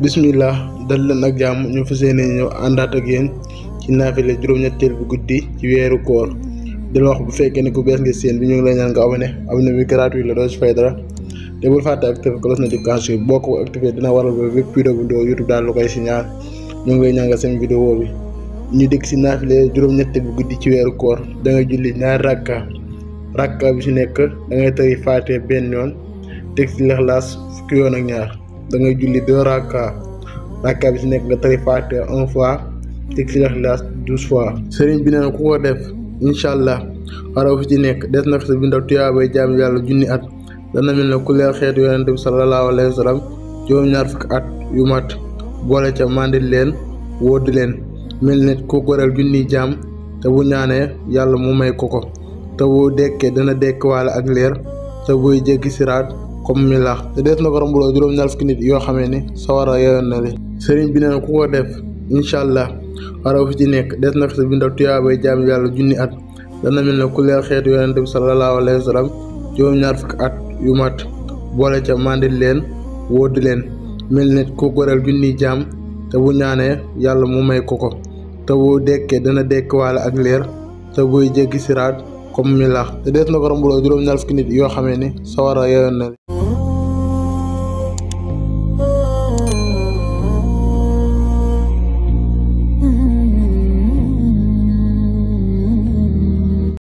bismillah dal leen ak jàmm ñu fa seene ñëw àndaat ak yéen ci naafile juróom ñetteel bu guddi ci weeru koor di la wax bu fekkee ne ku bees nga seen bi ñu ngi lay ñaan nga abonné abonné bi gratuit la doo ci fay dara te bul fàtte activé cloche notification boo ko activé dina waral ba bépp vidéo bu ndoo youtube daal lu koy signal ñu ngi lay ñaan nga seen vidéo bi ñu dëkk si naafile juróom ñetteel bu guddi ci weeru koor da nga julli ñaari rakka rakka bi si nekk da ngay tëri faate benn yoon teg si lexlaas fukki yoon ak ñaar da ngay julli deux raka raka bi ci nekk nga tari Fatiha un fois teg si Ixlaas douze fois. sëriñ bi neen ku ko def incha allah xaraw fi ci nekk des na fi sa bindal tuyaabay jaam yàlla junni at dana mel ne ku leer xeet yonente bi sallallahu alayhi wa sallam juróom-ñaar fukk at yu mat boole ca mandil leen wóodi leen mel ne ku goreel junni jaam te bu ñaanee yàlla mu may ko ko te bu dekkee dana dekk waale ak leer te buy jéggi siraat comme milaax te dees na ko rombuloo juróom-ñaar fukki nit yoo xamee ne sawara yeyoon na leen sëriñ bi neen ku ko def incha allah waraw fi ci nekk des na ko sa bindal tuyaabay jaam yàlla junni at dana mel ne ku leer xeetu yonente bi salallaahu alayhi wa sallam juróom-ñaar fukki at yu mat boole ca mandil leen wóodi leen mel ne ku goreel junni jaam te bu ñaanee yàlla mu may ko ko te bu dekkee dana dekk waale ak leer te buy jéggi siraat comme milax te dees na ko rombuloo juróom-ñaar fukki nit yoo xamee ni sawara yeyoon na